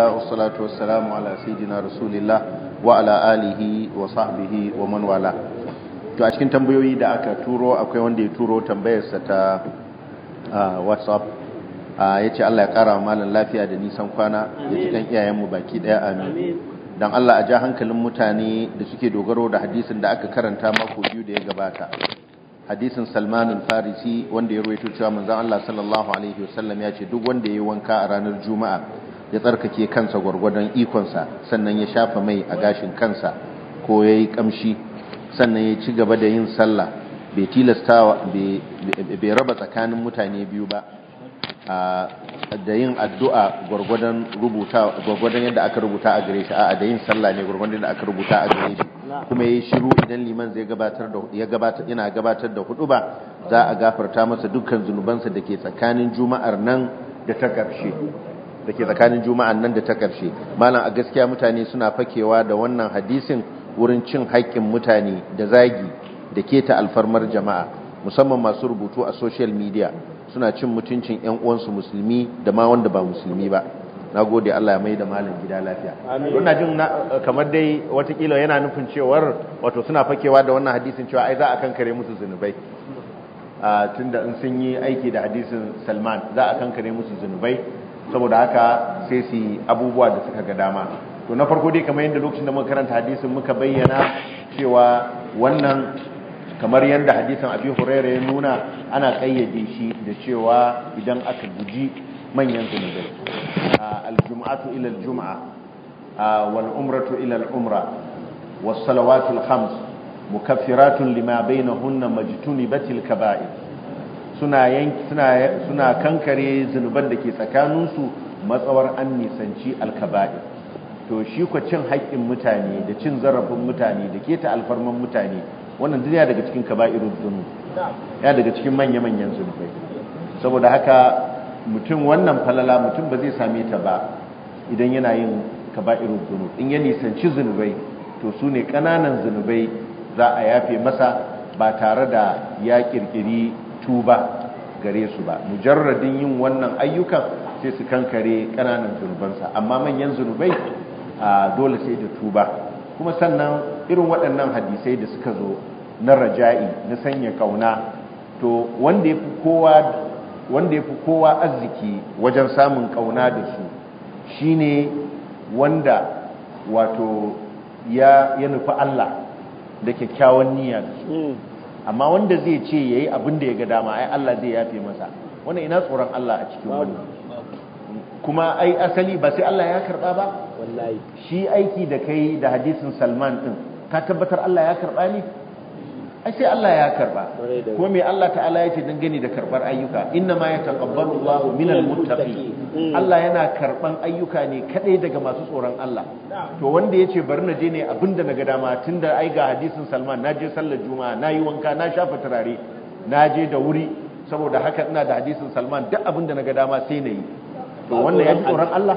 والصلاة والسلام على سيدنا رسول الله وعلى آله وصحبه ومن والاه to a cikin tambayoyi da aka turo akwai wanda ya turo tambayarsa ta whatsapp ya ce Allah ya kara malam lafiya da nisan kwana ya ji kan iyayenmu baki daya amin dan Allah a ja hankalin mutane da suke dogaro da hadisin da aka karanta mako biyu da ya gabata hadisin salmanin farisi wanda ya rawaito cewa manzon Allah sallallahu alaihi wasallam ya ce duk wanda ya yi wanka a ranar Juma'a ya tsarkake kansa gwargwadon ikonsa sannan ya shafa mai a gashin kansa ko ya yi kamshi sannan ya ci gaba da yin sallah bai tilastawa bai raba tsakanin mutane biyu ba da yin addu'a gwargwadon rubuta yadda aka rubuta a gare shi a'a da yin sallah ne gwargwadon yadda aka rubuta a gare shi kuma yayi shiru idan liman zai yana gabatar da hudu ba za a gafarta masa dukkan zunubansa da ke tsakanin juma'ar nan da ta karshe da ke tsakanin juma'an nan da ta ƙarshe malam a gaskiya mutane suna fakewa da wannan hadisin wurin cin haƙƙin mutane da zagi da keta alfarmar jama'a musamman masu rubutu a social media suna cin mutuncin 'yan uwansu musulmi da ma wanda ba musulmi ba na gode Allah ya mai da malam gida lafiya ina jin kamar dai watakila yana nufin cewar wato suna fakewa da wannan hadisin cewa ai za a kankare musu zunubai tunda in sun yi aiki da hadisin Salman za a kankare musu zunubai saboda haka sai su yi abubuwa da suka ga dama to na farko dai kamar yadda lokacin da muka karanta hadisin muka bayyana cewa wannan kamar yadda hadisin abi huraira ya nuna ana kayyade shi da cewa idan aka guji manyan zunubai al-jum'atu ila al-jum'a wal umratu ilal umra was salawatul khams mukaffiratun lima bainahunna majtunibatil kaba'ir suna yanki suna suna kankare zunuban da ke tsakaninsu matsawar an nisanci alkaba'i to shi ko cin haƙƙin mutane da cin zarafin mutane da keta alfarman mutane wannan duk ya daga cikin kaba'iru zunub ya daga cikin manya-manyan zunubai saboda haka mutum wannan falala mutum ba zai same ta ba idan yana yin kaba'iru zunub in ya nisanci zunubai to su ne ƙananan zunubai za a yafe masa ba tare da ya ƙirƙiri. tuba gare su ba mujarradin yin wannan ayyukan sai su kankare ƙananan zunubansa amma manyan zunubai a dole sai da tuba kuma sannan irin waɗannan hadisai da suka zo na raja'i na sanya ƙauna to wanda ya fi kowa wanda arziki wajen samun ƙauna da su shine wanda wato ya ya nufi Allah da kyakkyawan niyya da su hmm. amma wanda zai ce ya yi abin da ya ga dama ai Allah zai yafe masa wanda ina tsoron Allah a cikin wani kuma ai asali ba sai Allah ya karba ba shi aiki da kai da hadisin Salman ɗin ka tabbatar Allah ya karba ne ai sai Allah ya karba ko me Allah ta'ala ya ce dangane da karbar ayyuka inna ma yataqabbalu Allahu minal muttaqin hmm. Allah yana karban ayyuka ne kadai daga masu tsoron Allah to wanda yace bari na je ne abinda naga dama tunda ai ga hadisin Salman naje sallar juma'a nayi wanka na shafa turare naje da wuri saboda haka ina da hadisin Salman duk abinda naga dama sai yi to wannan ya ji tsoron Allah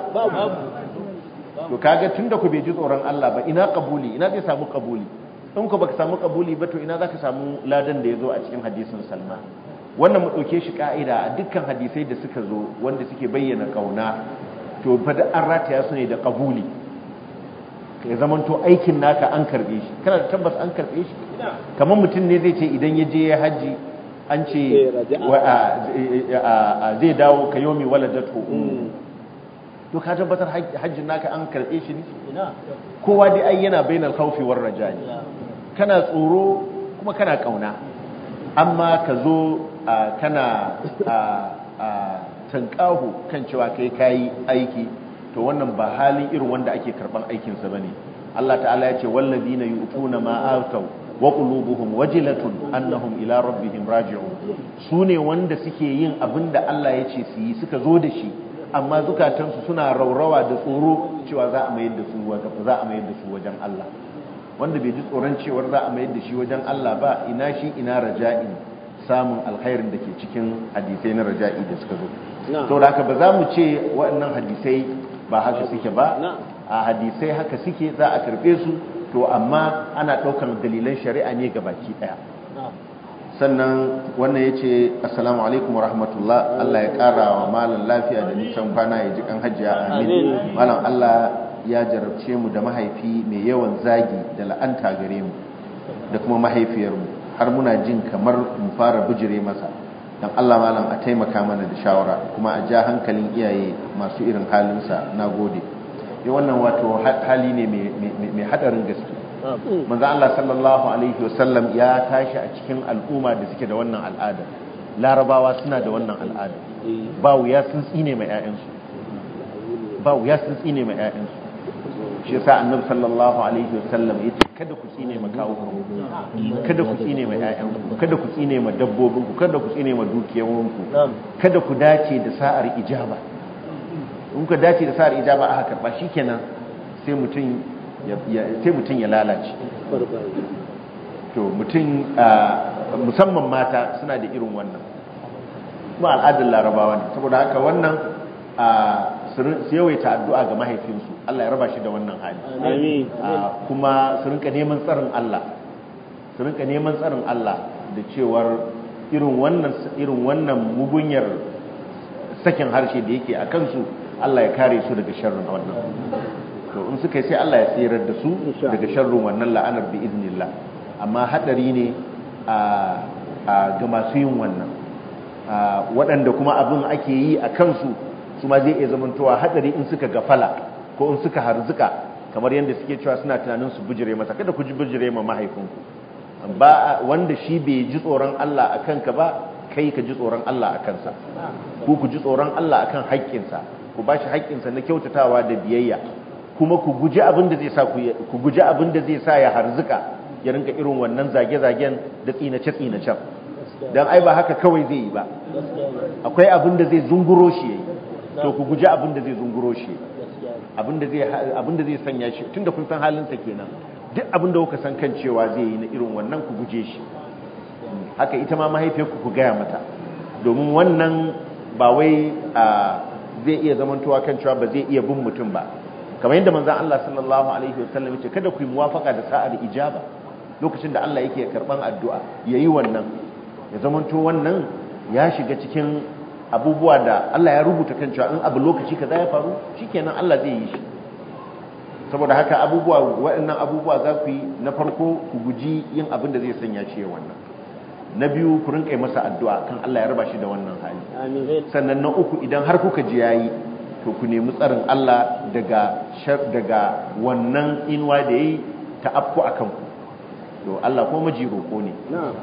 to kaga tunda ku bai ji tsoron Allah ba ina kabuli ina zai samu kabuli in ba ka samu kabuli ba to ina za ka samu ladan da ya zo a cikin hadisin salma wannan mu dauke shi ka'ida a dukkan hadisai da suka zo wanda suke bayyana kauna to fa an rataya su ne da kabuli ya zaman to aikin naka an karbe shi kana da tabbas an karbe shi kamar mutum ne zai ce idan ya je ya haji an ce eh, zai dawo ka yomi waladatu hmm. to ka tabbatar hajjin naka an karbe shi ne kowa dai ai yana bainal khawfi war rajani kana tsoro kuma kana kauna amma ka zo kana tankahu kan cewa kai kayi aiki to wannan ba halin irin wanda ake karban aikinsa bane Allah ta'ala ya ce wallazina yu'tuna ma atau wa qulubuhum wajilatun annahum ila rabbihim raji'un sune wanda suke yin abinda Allah ya ce su yi suka zo da shi amma zukatansu suna raurawa da tsoro cewa za a mayar da su wajen Allah wanda bai ji tsoron cewar za a mayar da shi wajen Allah ba ina shi ina raja'i samun alkhairin da ke cikin hadisai na raja'i da suka zo to da haka ba za mu ce waɗannan hadisai ba haka suke ba a hadisai haka suke za a karɓe su to amma ana ɗaukar dalilan shari'a ne ga baki ɗaya sannan wannan ya ce assalamu alaikum wa rahmatullah Allah ya ƙara wa malam lafiya da nisan kwana ya ji kan hajjiya amin malam Allah ya jarabce mu da mahaifi mai yawan zagi da la'anta gare mu da kuma mahaifiyarmu har muna jin kamar mu fara bijire masa don Allah malam a taimaka mana da shawara kuma a ja hankalin iyaye masu irin halinsa na gode ya wannan wato hali ne mai hadarin gaske manzo Allah sallallahu alaihi wasallam ya tashi a cikin al'umma da suke da wannan al'ada larabawa suna da wannan al'ada ba wuya sun tsine ma ba wuya sun tsine mai 'ya'yansu shi yasa annabi sallallahu alaihi wasallam yace kada ku tsine ma kawo kada ku tsine ma ku kada ku tsine ma dabbobin ku kada ku tsine ma ku kada ku dace da sa'ar ijaba in ku dace da sa'ar ijaba aka karba shikenan sai mutum ya sai mutum ya lalace to mutum musamman mata suna da irin wannan kuma al'adar larabawa ne saboda haka wannan su yawaita addu'a ga mahaifinsu Allah ya raba shi da wannan hali kuma su rinka neman tsarin Allah su rinka neman tsarin Allah da cewar irin wannan irin mugunyar sakin harshe da yake a kansu Allah ya kare su daga sharrin wannan to in suka sai Allah ya tsirar da su daga sharrin wannan la'anar bi iznillah amma hadari ne a ga masu yin wannan waɗanda kuma abin ake yi a kansu su zai iya zamantawa hadari in suka gafala ko in suka harzuka kamar yadda suke cewa suna tunanin su bujire masa kada ku ji bujire ma mahaifinku ba wanda shi bai ji tsoron Allah a kanka ba kai ka ji tsoron Allah a kansa ku ku ji tsoron Allah a akan haƙƙinsa ku ba shi haƙƙinsa na kyautatawa da biyayya kuma ku guji abin da zai sa ya harzuka ya rinka irin wannan zage-zagen da tsinace tsinacen dan ai ba haka kawai zai yi ba akwai abin da zai zunguro shi yayi to ku guji abin da zai zunguro shi abin da zai sanya shi tunda kun san halinsa kenan duk abin da kuka san kan cewa zai yi na irin wannan ku guje shi haka ita ma mahaifiyarku ku gaya mata domin wannan ba wai zai iya zamantowa kan cewa ba zai iya bin mutum ba kamar yadda manzon Allah sallallahu alaihi wasallam ce kada ku yi muwafaka da sa'ar ijaba lokacin da Allah yake karban addu'a yayi wannan ya zamanto wannan ya shiga cikin abubuwa da Allah ya rubuta kan cewa in abu lokaci kaza ya faru shikenan Allah zai yi shi saboda haka abubuwa waɗannan abubuwa za ku yi na farko ku guji yin abin da zai sanya shi ya wannan na biyu ku rinka masa addu'a kan Allah ya raba shi da wannan hali sannan na uku idan har kuka ji yayi to ku nemi tsarin Allah daga daga wannan inuwa da yayi ta afku akan ku to Allah ko majiro ko ne na'am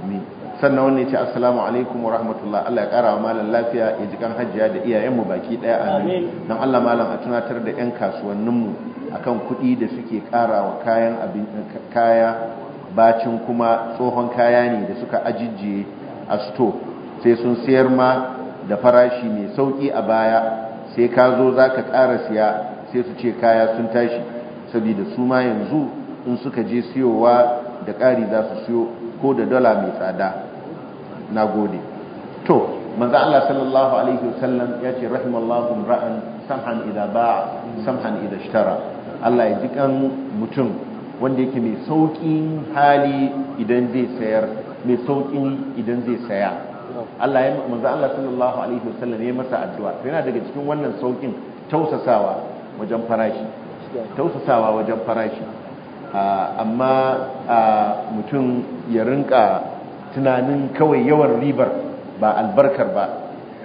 amin sannan wannan ce assalamu alaikum wa rahmatullah Allah ya kara malam lafiya ya ji kan hajjiya da iyayen mu baki daya amin dan Allah malam a tunatar da yan kasuwannin mu akan kuɗi da suke kara wa kayan abin kaya bacin kuma tsohon kaya ne da suka ajije a sto sai sun sayar ma da farashi mai sauki a baya sai ka zo zaka kara siya sai su ce kaya sun tashi saboda su ma yanzu in suka je siyowa da ƙari za su siyo ko da dola mai tsada na gode to manzo Allah sallallahu alaihi wasallam ya ce rahimallahu ra'an samhan idza ba'a samhan idza ishtara Allah ya ji kan mutum wanda yake mai saukin hali idan zai sayar mai saukin idan zai saya Allah ya manzo Allah sallallahu alaihi wasallam ya masa addu'a yana daga cikin wannan saukin tausasawa wajen farashi tausasawa wajen farashi amma mutum ya rinka tunanin kawai yawan ribar ba albarkar ba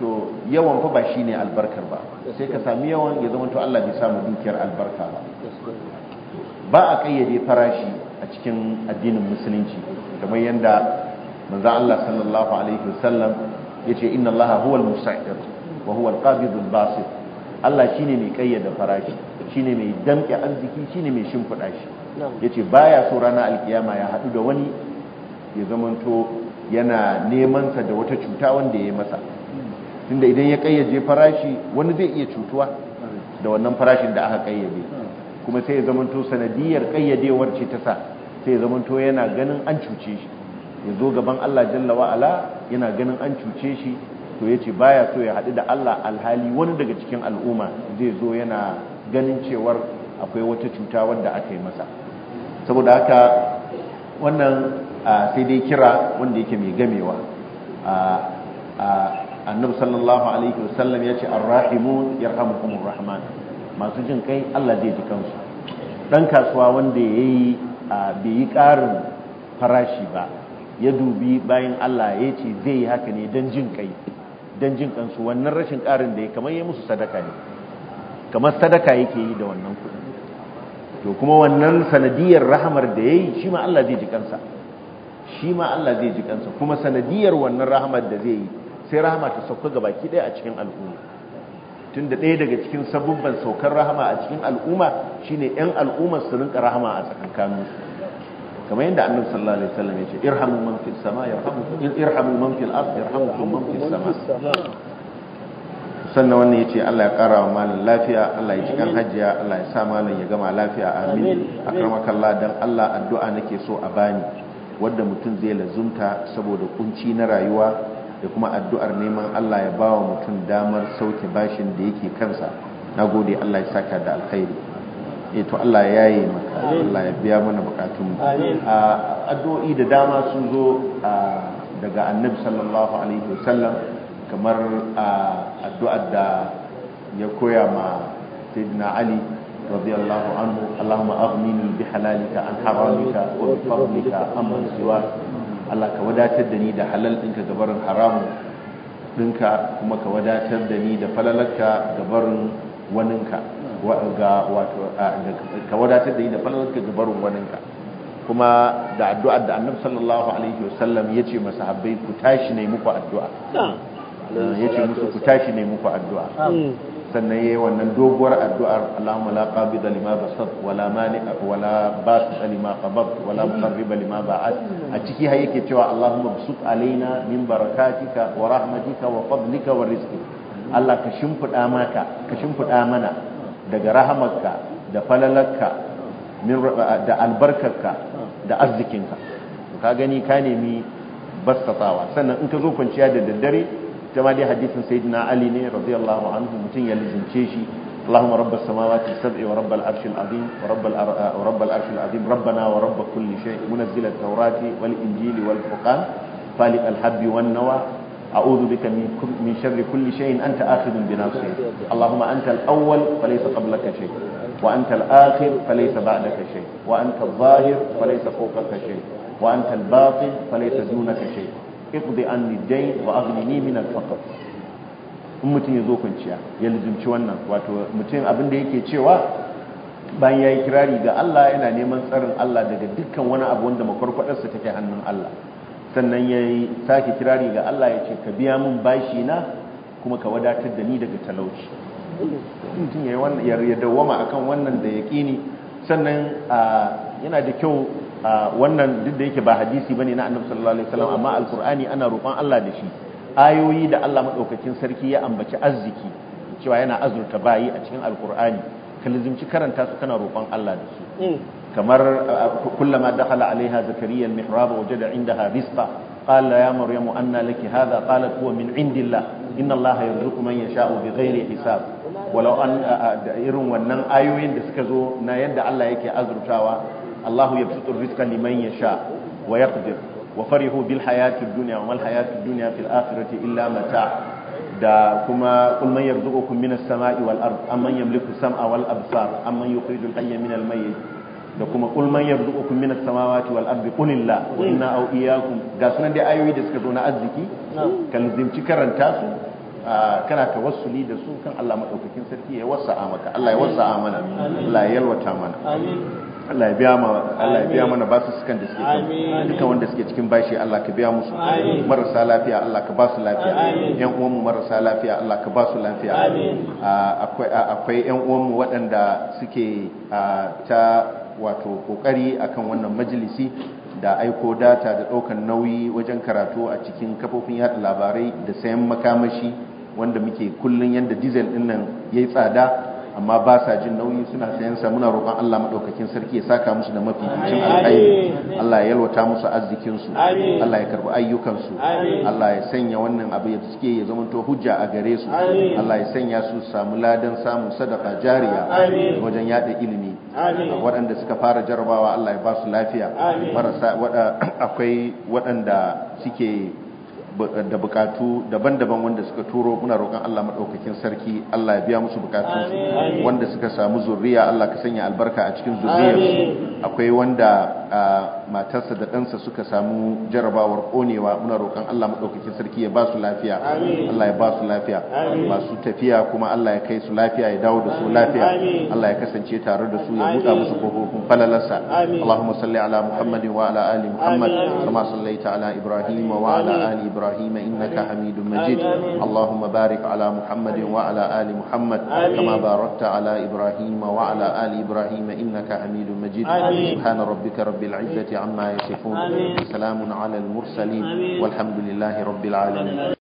to yawan fa ba shi ne albarkar ba sai ka sami yawan ya zama to Allah bai samu dukiyar albarka ba ba a kayyade farashi a cikin addinin musulunci kamar yadda manzo Allah sallallahu alaihi wasallam yace inna Allah huwal musa'ir wa huwal qabidul basit Allah shine mai kayyade farashi shine mai damƙe arziki shine mai shimfiɗa shi yace baya so rana alkiyama ya haɗu da wani ya zamanto yana neman sa da wata cuta wanda ya yi masa tunda idan ya kayyaje farashi wani zai iya cutuwa da wannan farashin da aka kayyade kuma sai ya zamanto sanadiyar kayyadewar ce ta sa sai ya zamanto yana ganin an cuce shi ya zo gaban Allah jalla ala yana ganin an cuce shi to yace baya so ya haɗu da Allah alhali wani daga cikin al'umma zai zo yana ganin cewar akwai wata cuta wadda aka yi masa saboda haka wannan sai dai kira wanda yake mai gamewa annabi sallallahu alaihi wasallam ya ce arrahimun yarhamukumur rahman masu jin kai Allah zai ji kansu dan kasuwa wanda yayi bai yi ƙarin farashi ba ya dubi bayan Allah ya ce zai yi haka ne dan jin kai dan jin kansu wannan rashin karin da ya kamar ya musu sadaka ne kamar sadaka yake yi da wannan kuɗi to kuma wannan sanadiyar rahamar da ya yi shi ma Allah zai ji kansa shi ma Allah zai ji kansa kuma sanadiyar wannan rahamar da zai yi sai rahama ta sauka baki ɗaya a cikin al'umma tun da ɗaya daga cikin sabubban saukar rahama a cikin al'umma shine ɗan al'ummar su rinka rahama a tsakankanin su kamar yadda annabi sallallahu alaihi wasallam ya ce irhamu man fil sama yarhamukum irhamu man fil ard yarhamukum man fil sama sannan wannan ya ce Allah ya kara wa malam lafiya Allah ya ji kan hajiya Allah ya sa malam ya gama lafiya amin kalla dan Allah addu'a nake so a bani wadda mutum zai lazumta saboda kunci na rayuwa da kuma addu'ar neman Allah ya bawa mutum damar sauke bashin da yake kansa nagode Allah ya saka da alkhairi eh to Allah ya yi maka Allah ya biya mana bukatun mu addu'o'i da dama sun zo daga annabi sallallahu alaihi wasallam kamar a addu'ar da ya koya ma sayyidina ali radiyallahu anhu allahumma aghnini bi halalika an haramika wa bi fadlika amma siwa Allah ka wadatar da ni da halal ɗinka gabarin haramun ɗinka kuma ka wadatar da ni da falalarka gabarin waninka ka wadatar da ni da falalarka gabarin waninka kuma da addu'ar da annabi sallallahu alaihi wasallam ya ce masahabbai ku tashi ne muku addu'a Eh, ya ce musu ku tashi ne muku addu'a sannan yayi wannan doguwar addu'ar Allahumma la qabida lima basat wala mani wala basit lima qabab wala muqarrib lima ba'at a ciki har yake cewa Allahumma basut alaina min barakatika wa rahmatika wa fadlika wa rizqi Allah ka shimfida maka ka shimfida mana daga rahamarka da falalarka min da albarkarka da arzikinka ka gani ka nemi bastatawa sannan in ka zo kwanciya da daddare كما دي حديث سيدنا علي رضي الله عنه mutum ya اللهم رب السماوات السبع ورب العرش العظيم ورب آه، ورب العرش العظيم ربنا ورب كل شيء منزل التوراة والإنجيل والفرقان فالق الحب والنوى أعوذ بك من شر كل شيء أنت آخذ بناصيه اللهم أنت الأول فليس قبلك شيء وأنت الآخر فليس بعدك شيء وأنت الظاهر فليس فوقك شيء وأنت الباطن فليس دونك شيء iqdi anni dayn wa aghnini min al-faqr in mutum ya zo kwanciya ya lizimci wannan wato mutum abin da yake cewa bayan yayi kirari ga Allah yana neman tsarin Allah daga dukkan wani abu wanda makwarkwadarsa take hannun Allah sannan ya yi kirari ga Allah ya ce ka biya min bashi na kuma ka wadatar da ni daga talauci mutum ya dawwama akan wannan da yaqini sannan yana da kyau wannan duk da yake ba hadisi bane na annabi sallallahu alaihi wasallam amma alqur'ani ana roƙon Allah da shi ayoyi da Allah madaukakin sarki ya ambaci arziki cewa yana azurta bayi a cikin alqur'ani kalizimci karanta su kana roƙon Allah da shi. Mm. kamar kullama dakhala alaiha zakariya almihrab wajada indaha rizqa qala ya maryamu anna laki hadha qalat huwa min indillah inna allaha yarzuqu man yasha'u bighairi hisab walau an irin wannan ayoyin da suka zo na yadda Allah yake azurtawa Allahu yabsutur rizqa liman yasha wa dunya wa mal mata da kuma man yarzuqukum sama'i wal ard yamliku sam'a wal absar yukhrijul hayya mayyit da kuma man yarzuqukum samawati wal qul illa wa inna aw iyyakum ga sunan dai ayoyi da suka zo na arziki kan zimci karanta su kana tawassuli da su kan Allah madaukakin sarki ya wasa'a maka Allah ya mana Allah ya yalwata mana amin Allah ya biya ma Allah ya biya mana basu sukan da suke duka wanda suke cikin bashi Allah ka biya musu marasa lafiya Allah ka basu lafiya yan uwan mu marasa lafiya Allah ka basu lafiya akwai akwai yan uwan mu waɗanda suke ta wato kokari akan wannan majalisi da aiko data da ɗaukan nauyi wajen karatu a cikin kafofin yada labarai da sayan makamashi wanda muke kullun yanda diesel ɗin nan yayi tsada amma ba sa jin nauyi suna sayan sa muna roƙon Allah madaukakin sarki ya saka musu da mafificin alƙairi Allah ya yalwata musu arzikin su Allah ya karbi ayyukan su Allah ya sanya wannan abu ya suke ya zama to hujja a gare su Allah ya sanya su samu ladan samun sadaka jariya wajen yada ilimi waɗanda suka fara jarabawa Allah ya ba su lafiya marasa akwai waɗanda suke da bukatu daban-daban wanda suka turo muna roƙon Allah maɗaukakin sarki Allah ya biya musu bukatu wanda suka samu zurriya Allah ka sanya albarka a cikin zurriyarsu akwai wanda matarsa da ɗansa suka samu jarabawar ƙonewa muna roƙon Allah maɗaukaki sarki ya ba su lafiya Allah ya ba su lafiya masu tafiya kuma Allah ya kai su lafiya ya dawo da su lafiya Allah ya kasance tare da su ya buɗa musu kofofin falalarsa Allahumma salli ala Muhammadin wa ala ali Muhammad kama sallaita ala Ibrahim wa ala ali Ibrahim innaka Hamidum Majid Allahumma barik ala Muhammadin wa ala ali Muhammad kama barakta ala Ibrahim wa ala ali Ibrahim innaka Hamidum Majid subhana rabbika rabbil العزة عما يصفون سلام على المرسلين والحمد لله رب العالمين